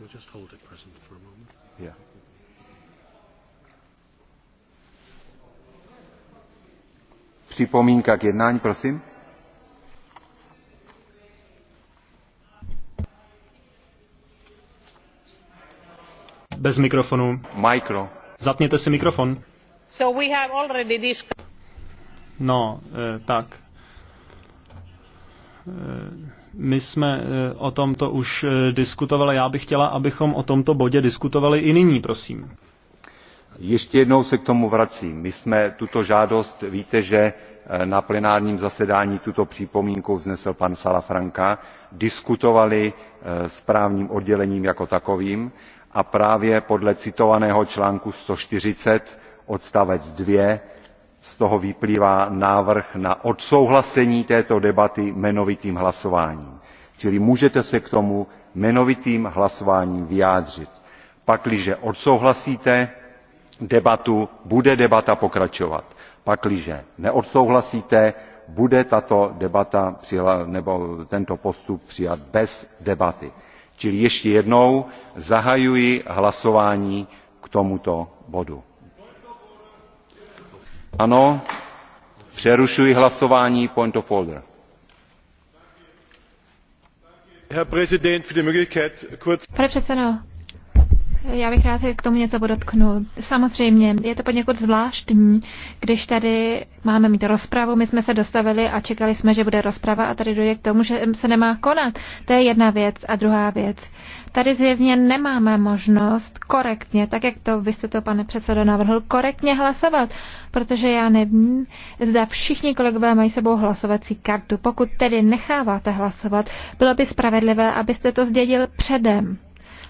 We'll just hold it present for a moment. Yeah. Připomínka k jednání, prosím. Bez mikrofonu. Mikro. Zapněte si mikrofon. So we have already discussed. No, eh, tak. Eh, my jsme eh, o tomto už eh, diskutovali. Já bych chtěla, abychom o tomto bodě diskutovali i nyní, prosím. Ještě jednou se k tomu vracím. My jsme tuto žádost, víte, že eh, na plenárním zasedání tuto připomínku vznesl pan Salafranka, diskutovali s právním oddělením jako takovým a právě podle citovaného článku 140 odstavec 2 z toho vyplývá návrh na odsouhlasení této debaty jmenovitým hlasováním čili můžete se k tomu jmenovitým hlasováním vyjádřit. pakliže odsouhlasíte debatu bude debata pokračovat pakliže neodsouhlasíte bude tato debata nebo tento postup přijat bez debaty. čili ještě jednou zahajuji hlasování k tomuto bodu. Ano, přerušuji hlasování point of order. Pane předsedo, já bych rád k tomu něco podotknul. Samozřejmě, je to poněkud zvláštní, když tady máme mít rozpravu, my jsme se dostavili a čekali jsme, že bude rozprava a tady dojde k tomu, že se nemá konat. To je jedna věc. A druhá věc. Tady zjevně nemáme možnost korektně, tak jak to vy jste to, pane předsedo, navrhl, korektně hlasovat, protože já nevím, zda všichni kolegové mají sebou hlasovací kartu. Pokud tedy necháváte hlasovat, bylo by spravedlivé, abyste to zdědil předem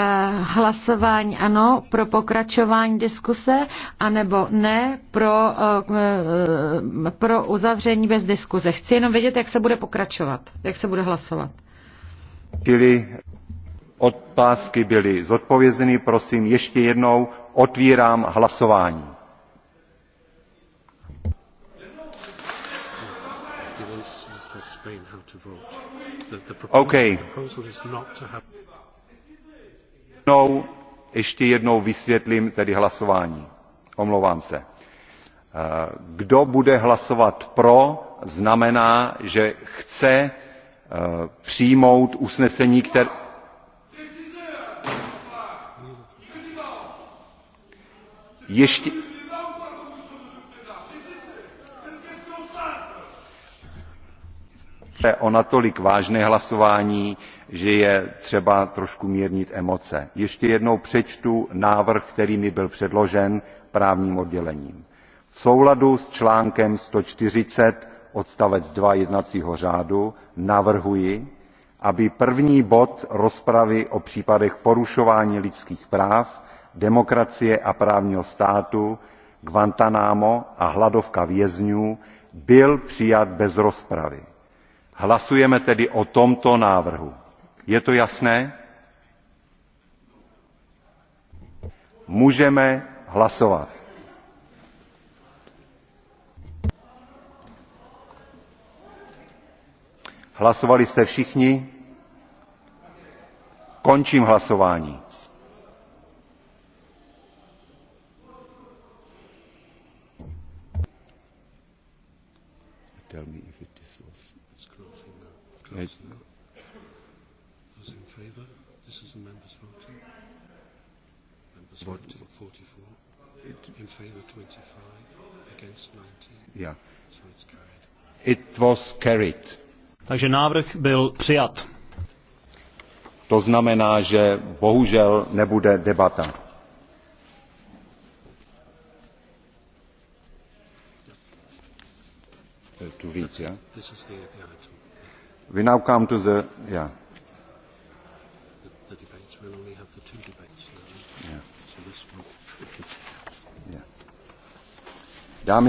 Eh, hlasování ano pro pokračování diskuse, anebo ne pro, eh, pro uzavření bez diskuse. Chci jenom vědět, jak se bude pokračovat, jak se bude hlasovat. Čili otázky byly zodpovězeny, prosím ještě jednou otvírám hlasování. Okay jednou, ještě jednou vysvětlím tedy hlasování. Omlouvám se. Eh, kdo bude hlasovat pro, znamená, že chce eh, přijmout usnesení, které... Ještě, je o natolik vážné hlasování že je třeba trošku mírnit emoce. ještě jednou přečtu návrh který mi byl předložen právním oddělením v souladu s článkem one hundred and forty odstavec two jednacího řádu navrhuji aby první bod rozpravy o případech porušování lidských práv demokracie a právního státu guantánamo a hladovka vězňů byl přijat bez rozpravy hlasujeme tedy o tomto návrhu. je to jasné? můžeme hlasovat. hlasovali jste všichni? končím hlasování. Those in favour? This is members voting. Members 44. in favour 25. Against 19. Yeah. So it's carried. It was carried. Takže návrh byl přijat. To znamená, že bohužel nebude debata. Tu víc, ja? we now come to the yeah the, the debates we'll only have the two debates now. yeah so this one yeah Dámy